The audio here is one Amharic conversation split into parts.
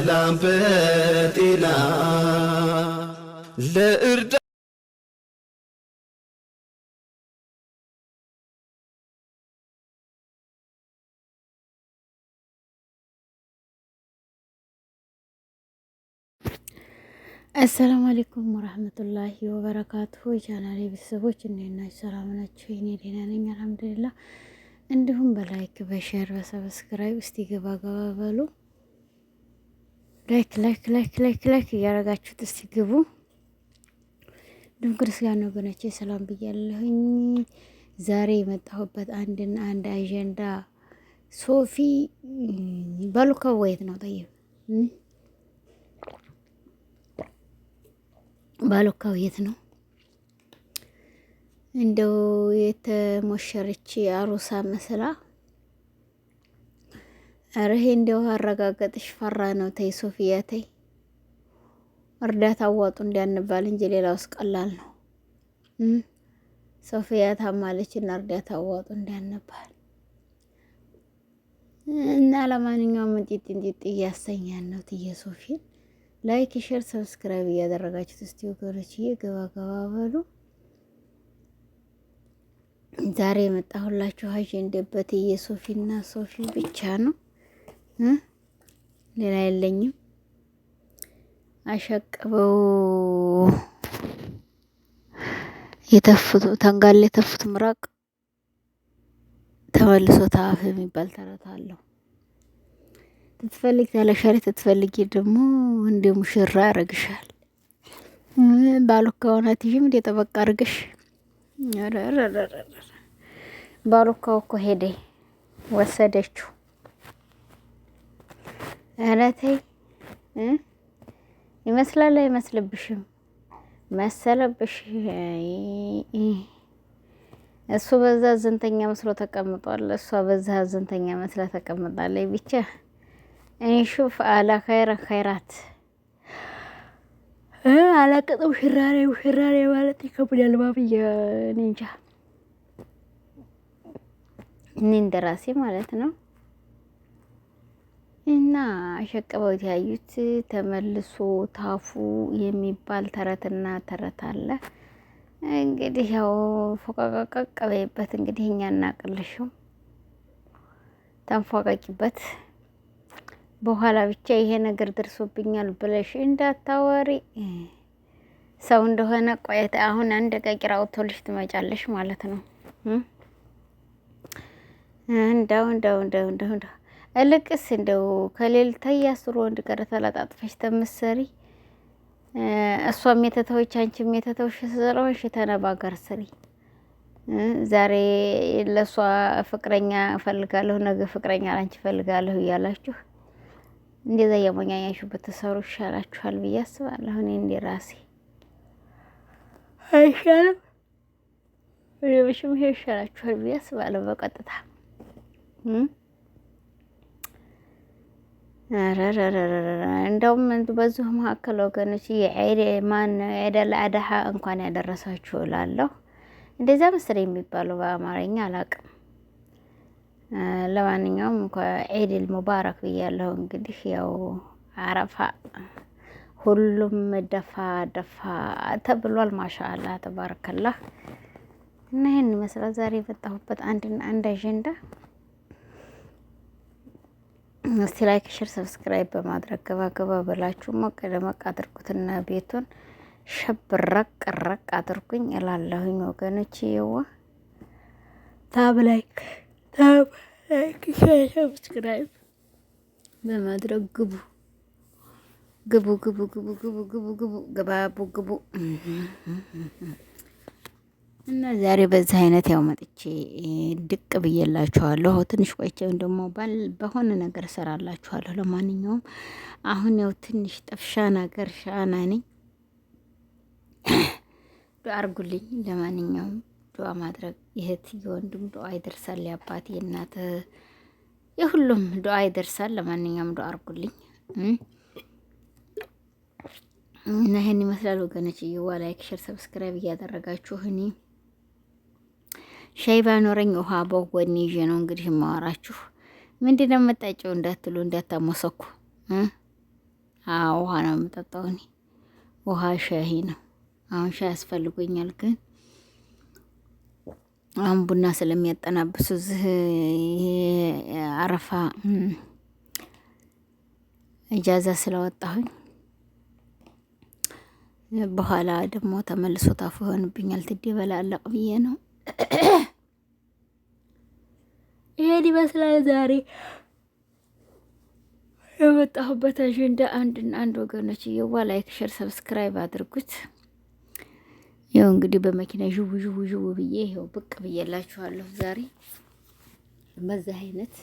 በሰላም በጤና ለእርዳ አሰላሙ አለይኩም ወራህመቱላሂ ወበረካቱሁ። ቻናሌ ቤተሰቦች እንዴት ናችሁ? ሰላም ናችሁ? እኔ ደህና ነኝ አልሐምዱሊላህ። እንዲሁም በላይክ በሸር በሰብስክራይብ እስቲ ገባ ገባ በሉ ላይክ ላይክ ላይክ ላይክ ላይክ እያረጋችሁት እስቲ ግቡ። ድንኩር ስጋ ነገኖቼ ሰላም ብያለሁኝ። ዛሬ የመጣሁበት አንድና አንድ አጀንዳ ሶፊ ባሉካ ወየት ነው ጠይብ ባሉካው የት ነው? እንደው የተሞሸረች አሩሳ መስላ እርሄ እንደው አረጋገጥሽ ፈራ ነው። ተይ ሶፊያ ተይ፣ እርዳታ አዋጡ እንዲያንባል እንጂ ሌላ ውስጥ ቀላል ነው። ሶፊያ ታማለች እና እርዳታ አዋጡ እንዲያንባል እና ለማንኛውም እንጢጥ እንጢጥ እያሰኛን ነው ትየ ሶፊን ላይክ ሼር ሰብስክራይብ እያደረጋችሁት እስቲ ወገኖችዬ ገባ ገባ በሉ። ዛሬ የመጣሁላችሁ አጀንዳ በትዬ ሶፊና ሶፊ ብቻ ነው። ሌላ የለኝም። አሸቅበው የተፉት ተንጋላ የተፉት ምራቅ ተመልሶ ታፍ የሚባል ተረት አለው። ትትፈልግ ታለሻሪ ትትፈልጊ ደግሞ እንደ ሙሽራ ያረግሻል። ባሉ ከሆነ ትይም እንደ ጠበቃ አርግሽ ባሉካው እኮ ሄደ ወሰደችው። ኧረ ተይ ይመስላል አይመስልብሽም? መሰለብሽ። እሱ በዛ አዘንተኛ መስሎ ተቀምጧል፣ እሷ በዛ አዘንተኛ መስላ ተቀምጣለች። ብቻ እንሹፍ አላ ኸይረ ኸይራት አላቅጥም ሽራሬ ሽራሬ ማለት ይከብዳል። ባብዬ እንጃ እኔ እንደራሴ ማለት ነው። እና አሸቅበው የተያዩት ተመልሶ ታፉ የሚባል ተረትና ተረት አለ። እንግዲህ ያው ፎቀቀቀቅ በይበት እንግዲህ እኛ እናቅልሽው ተንፏቀቂበት በኋላ ብቻ ይሄ ነገር ደርሶብኛል ብለሽ እንዳታወሪ። ሰው እንደሆነ ቆየት አሁን አንድ ቀቂር አውቶልሽ ትመጫለሽ ማለት ነው። እንደው እንደው እንደው እንደው እልቅስ እንደው ከሌልታ ያስሩ ወንድ ጋር ተላጣጥፈሽ ተምሰሪ እሷም የተተወች አንቺም የተተውሽ ስለሆንሽ ተነባገር ስሪ። ዛሬ ለእሷ ፍቅረኛ እፈልጋለሁ፣ ነገ ፍቅረኛ ላንቺ እፈልጋለሁ እያላችሁ እንደዛ እያሞኛኛችሁ ብትሰሩ ይሻላችኋል ብዬ አስባለሁ። እኔ እንደ ራሴ አይሻልም? ሌሎችም ይሄ ይሻላችኋል ብዬ አስባለሁ በቀጥታ እንደውም በዚሁ መካከል ወገኖች የዒድ ማን እንኳን ያደረሳችሁ እላለሁ። እንደዛ ምስር የሚባለው በአማርኛ አላቅም። ለማንኛውም ዒድል ሙባረክ ብያለሁ። እንግዲህ ያው አረፋ ሁሉም ደፋ ደፋ ተብሏል። ማሻአላ ተባረከላህ። እና ይህን ይመስላል ዛሬ የመጣሁበት አንድና አንድ አጀንዳ እስቲ ላይክ ሼር ሰብስክራይብ በማድረግ ገባ በላችሁ ሞቅ ደመቅ አድርጉትና ቤቱን ሸብረቅ ረቅ አድርጉኝ እላለሁኝ ወገኖች። የዋ ታብ ላይክ ታብ ላይክ ሼር ሰብስክራይብ በማድረግ ግቡ ግቡ ግቡ ግቡ ግቡ ግቡ ግቡ ገባቡ ግቡ እና ዛሬ በዚህ አይነት ያው መጥቼ ድቅ ብዬላችኋለሁ። ትንሽ ቆይቼ ወይም ደግሞ በሆነ ነገር እሰራላችኋለሁ። ለማንኛውም አሁን ያው ትንሽ ጠፍሻ ነገር ሻና ነኝ። ዱዓ አርጉልኝ። ለማንኛውም ዱዓ ማድረግ ይህት የወንድም ዱዓ ይደርሳል፣ የአባት የእናት የሁሉም ዱዓ ይደርሳል። ለማንኛውም ዱዓ አርጉልኝ እና ይህን ይመስላል ወገኖች። እየዋ ላይክ፣ ሸር፣ ሰብስክራይብ እያደረጋችሁ እኔ ሻይ ባኖረኝ ውሃ በጎን ይዤ ነው እንግዲህ የማወራችሁ። ምንድን ነው የምጠጪው እንዳትሉ እንዳታሞሰኩ። ውሃ ነው የምጠጣው እኔ ውሃ ሻሂ ነው። አሁን ሻይ ያስፈልጎኛል፣ ግን አሁን ቡና ስለሚያጠናብሱ እዚህ አረፋ እጃዛ ስለወጣሁኝ በኋላ ደግሞ ተመልሶ ታፎ ይሆንብኛል። ትዴ በላለቅ ብዬ ነው ይመስላል ዛሬ የመጣሁበት አጀንዳ አንድና አንድ ወገኖች፣ እየዋ ላይክ፣ ሸር፣ ሰብስክራይብ አድርጉት። ይኸው እንግዲህ በመኪና ዥው ዥው ዥው ብዬ ይኸው ብቅ ብዬላችኋለሁ። ዛሬ በዚህ አይነት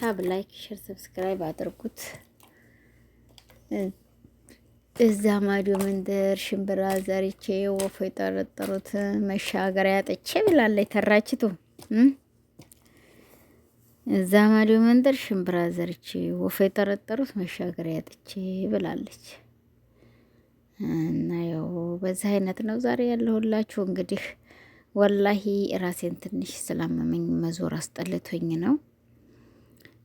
ታብ፣ ላይክ፣ ሸር፣ ሰብስክራይብ አድርጉት። እዛ ማዶ መንደር ሽምብራ ዘርቼ ወፎ የጠረጠሩት መሻገሪያ አጥቼ ብላለች ተራችቱ ዛማዲው መንደር ሽምብራ ዘርቼ ወፍ የጠረጠሩት መሻገሪያ አጥቼ ብላለች። እና ያው በዚህ አይነት ነው ዛሬ ያለሁላችሁ። እንግዲህ ወላሂ ራሴን ትንሽ ስላመመኝ መዞር አስጠልቶኝ ነው።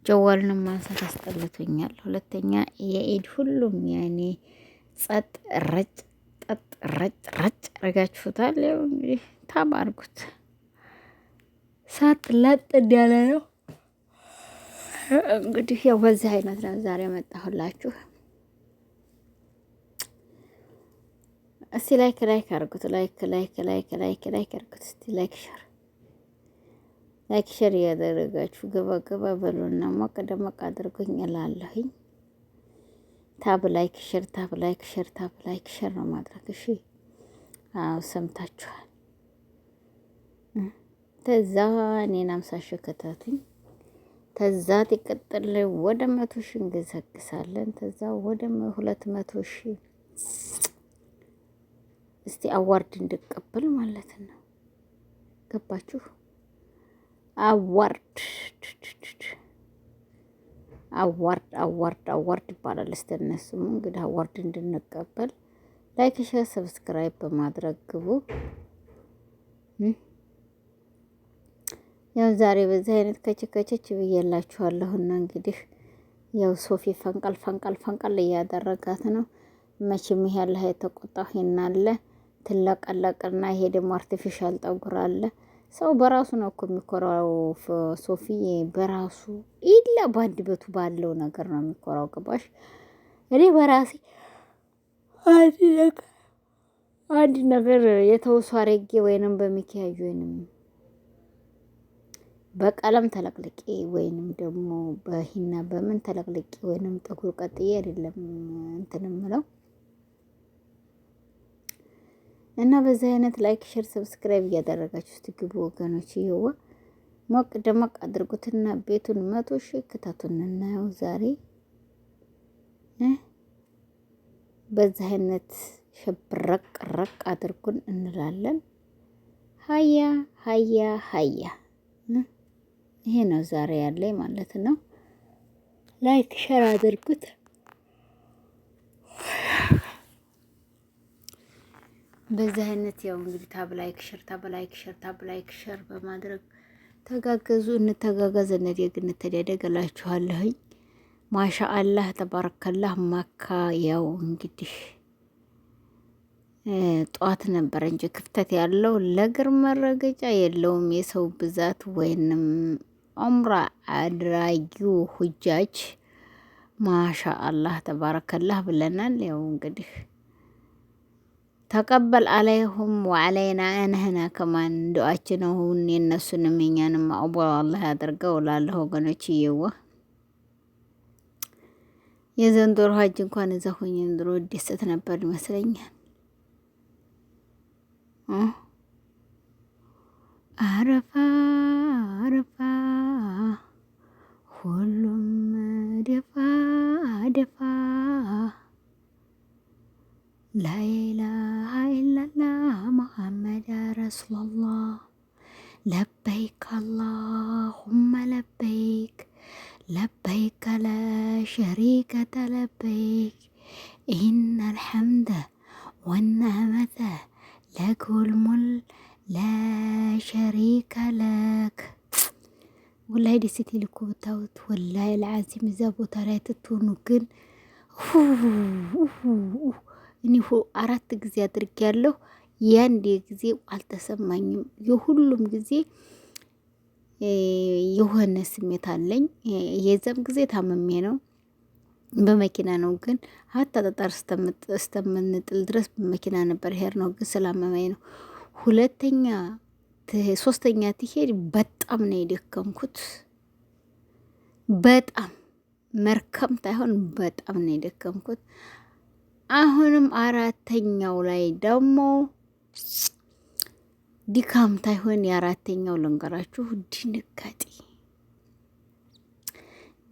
ጀዋልንም ማንሳት አስጠልቶኛል። ሁለተኛ የኢድ ሁሉም ያኔ ጸጥ ረጭ ጠጥ ረጭ ረጭ አርጋችሁታል። ያው እንግዲህ ታማርጉት ሳጥ ለጥ እንዲያለ ነው እንግዲህ ያው በዚህ አይነት ነው ዛሬ መጣሁላችሁ። እስቲ ላይክ ላይክ አርጉት። ላይክ ላይክ ላይክ ላይክ ላይክ አርጉት። እስቲ ላይክ ሸር ላይክ ሸር እያደረጋችሁ ገባ ገባ በሉና ሞቅ ደመቅ አድርጉኝ እላለሁኝ። ታብ ላይክ ሸር ታብ ላይክ ሸር ታብ ላይክ ሸር ነው ማድረግ። እሺ አዎ ሰምታችኋል። ተዛ እኔን አምሳሽ ከታቱኝ ተዛ ይቀጥል ወደ መቶ ሺ እንገሰግሳለን። ተዛ ወደ ሁለት መቶ ሺ እስቲ አዋርድ እንድቀበል ማለት ነው። ገባችሁ? አዋርድ አዋርድ አዋርድ አዋርድ ይባላል። እስቲ እነሱም እንግዲህ አዋርድ እንድንቀበል ላይክ፣ ሸር፣ ሰብስክራይብ በማድረግ ግቡ። ያው ዛሬ በዚህ አይነት ከችከችች ብያላችኋለሁና እንግዲህ ያው ሶፊ ፈንቀል ፈንቀል ፈንቀል እያደረጋት ነው። መቼም ይሄ ያለ የተቆጣ ይናለ ትለቀለቅና ይሄ ደግሞ አርቲፊሻል ጠጉር አለ። ሰው በራሱ ነው እኮ የሚኮራው። ሶፊ በራሱ ኢላ በአንድ በቱ ባለው ነገር ነው የሚኮራው። ግባሽ እኔ በራሴ አንድ ነገር የተውሷ አረጌ ወይንም በሚኪያዩ ወይንም በቀለም ተለቅልቄ ወይንም ደግሞ በሂና በምን ተለቅልቄ ወይንም ጥቁር ቀጥዬ አይደለም እንትን የምለው እና በዚህ አይነት ላይክ፣ ሼር፣ ሰብስክራይብ እያደረጋችሁ ስትግቡ ወገኖች። ይኸው ሞቅ ደመቅ አድርጉትና ቤቱን መቶ ሺህ ክታቱን እናየው ዛሬ በዚህ አይነት ሸብረቅ ረቅ አድርጉን እንላለን። ሀያ ሀያ ሀያ ይሄ ነው ዛሬ ያለኝ ማለት ነው። ላይክ ሸር አድርጉት። በዚህ አይነት ያው እንግዲህ ታብ ላይክ ሸር ታብ ላይክ ሸር ታብ ላይክ ሸር በማድረግ ተጋገዙ፣ እንተጋገዝ፣ እንደግ፣ እንተዳደግ እላችኋለሁኝ። ማሻ አላህ ተባረከላህ። ማካ ያው እንግዲህ ጧት ነበር እንጂ ክፍተት ያለው ለእግር መረገጫ የለውም የሰው ብዛት ወይንም ዑምራ አድራጊው ሁጃጅ ማሻ አላህ ተባረከላህ ብለናል። ያው እንግዲህ ተቀበል አለይሁም ወአለይና እንህና ከማን ዱዓችን አሁን የነሱንም የኛንም መቅቡል አላህ ያድርገው እላለሁ ወገኖች እየዋ የዘንድሮ ሀጅ እንኳን እዛ ሆኜ ዘንድሮ ደሰት ነበር ይመስለኛል። አረፋ ለኩልሙል ለሸሪከ ለክ ወላይ ደሴት ልኮ ብታዩት ወላይ ለዓዚም እዛ ቦታ ላይ ትትሆኑ ግን እኔ አራት ጊዜ አድርጌ ያለሁ ያንድ ጊዜ አልተሰማኝም። የሁሉም ጊዜ የሆነ ስሜት አለኝ። የዛም ጊዜ ታመሜ ነው። በመኪና ነው ግን ሀታ ጠጣር እስተምንጥል ድረስ በመኪና ነበር ሄር ነው ግን ስላመመኝ ነው። ሁለተኛ ሶስተኛ ትሄድ በጣም ነው የደከምኩት። በጣም መርከም ታይሆን በጣም ነው የደከምኩት። አሁንም አራተኛው ላይ ደግሞ ድካም ታይሆን የአራተኛው ልንገራችሁ ድንጋጤ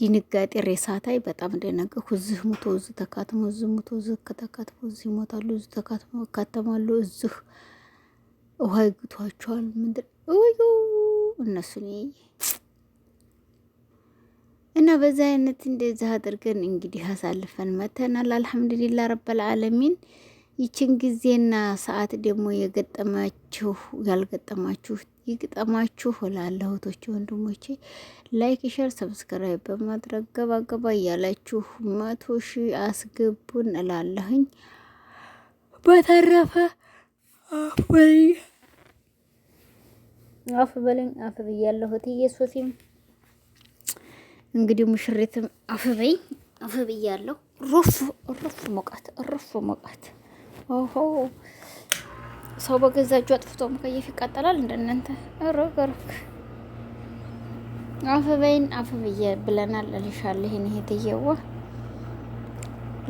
ድንጋጤ ሬሳታይ በጣም ደነገኩ። እዚህ ሙቶ እዚህ ተካትሞ እዚህ ሙቶ እዚህ ተካትሞ እዚህ ይሞታሉ፣ እዚህ ተካትሞ ይካተማሉ፣ እዚህ ውሃ ይግቷቸዋል። ምንድን ወይ እነሱን እና በዛ አይነት እንደዚህ አድርገን እንግዲህ አሳልፈን መተናል። አልሐምዱሊላ ረበል ዓለሚን። ይችን ጊዜና ሰዓት ደግሞ የገጠማችሁ ያልገጠማችሁ ይግጠማችሁ እላለሁ። እህቶቼ ወንድሞቼ፣ ላይክ፣ ሸር፣ ሰብስክራይብ በማድረግ ገባገባ እያላችሁ መቶ ሺ አስገቡን እላለሁኝ። በተረፈ አፍ በለኝ አፍ ብያለሁ። ኢየሱስም እንግዲህ ሙሽሪትም አፍ በይ አፍ ብያለሁ። ሩፍ ሩፍ ሞቃት ሩፍ ሞቃት ኦሆ ሰው በገዛ እጁ አጥፍቶ መከየፍ ይቃጠላል። እንደናንተ ሮክ ሮክ አፈበይን አፈብዬ ብለናል። እልሻለሁ ይሄን እህትዬዋ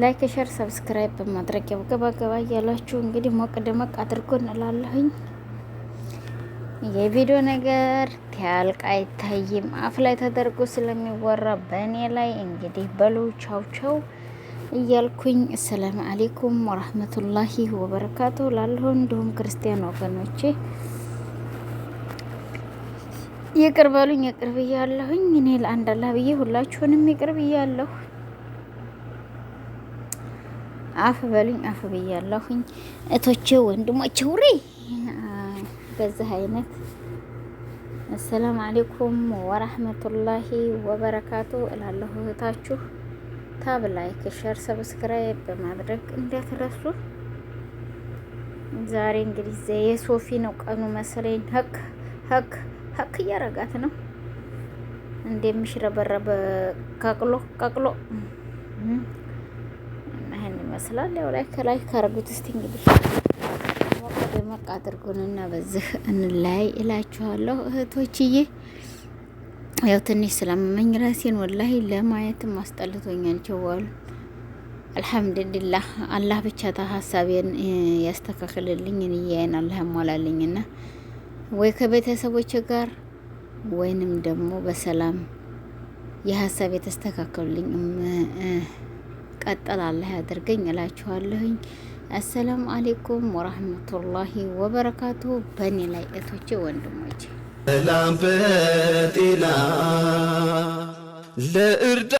ላይክ፣ ሸር፣ ሰብስክራይብ በማድረግ ገባ እያላችሁ እንግዲህ ሞቅ ደመቅ አድርጎ እንላለሁኝ። የቪዲዮ ነገር ቲያልቅ አይታይም አፍ ላይ ተደርጎ ስለሚወራ በእኔ ላይ እንግዲህ በሉ ቻው ቻው። እያልኩኝ አሰላም አሌይኩም ወረህመቱላሂ ወበረካቱ ላለሁን እንዲሁም ክርስቲያን ወገኖቼ ይቅር በሉኝ። ይቅር ብያለሁኝ። እኔ ለአንድ አላህ ብዬ ሁላችሁንም ይቅር እያለሁ አፍ በሉኝ፣ አፍ ብያለሁኝ። እቶቼ ወንድሞቼ፣ ውሬ በዚህ አይነት አሰላም አሌይኩም ወራህመቱላሂ ወበረካቱ እላለሁ እህታችሁ ታብ ላይክ፣ ሸር፣ ሰብስክራይብ በማድረግ እንዳትረሱ። ዛሬ እንግዲህ የሶፊ ነው ቀኑ መሰለኝ። ሀክ ሀክ ሀክ እያረጋት ነው እንደሚሽረበረበ ቀቅሎ ቀቅሎ ይህን ይመስላል። ያው ላይ ከላይ ካረጉት እስቲ እንግዲህ ደመቅ አድርጉንና በዚህ እንላይ እላችኋለሁ እህቶችዬ። ያው ትንሽ ስለመመኝ ራሴን ወላሂ ለማየትም አስጠልቶኛል። ጀዋሉ አልሐምዱሊላህ አላህ ብቻ ታ ሀሳቤን ያስተካክልልኝ እንያይን አላህ ና ወይ ከቤተሰቦች ጋር ወይንም ደግሞ በሰላም የሀሳብ የተስተካከሉልኝ ቀጠል አላህ ያደርገኝ እላችኋለሁኝ። አሰላሙ አሌይኩም ወራህመቱላሂ ወበረካቱ። በእኔ ላይ እቶቼ ወንድሞቼ ሰላም በጤና ለእርዳ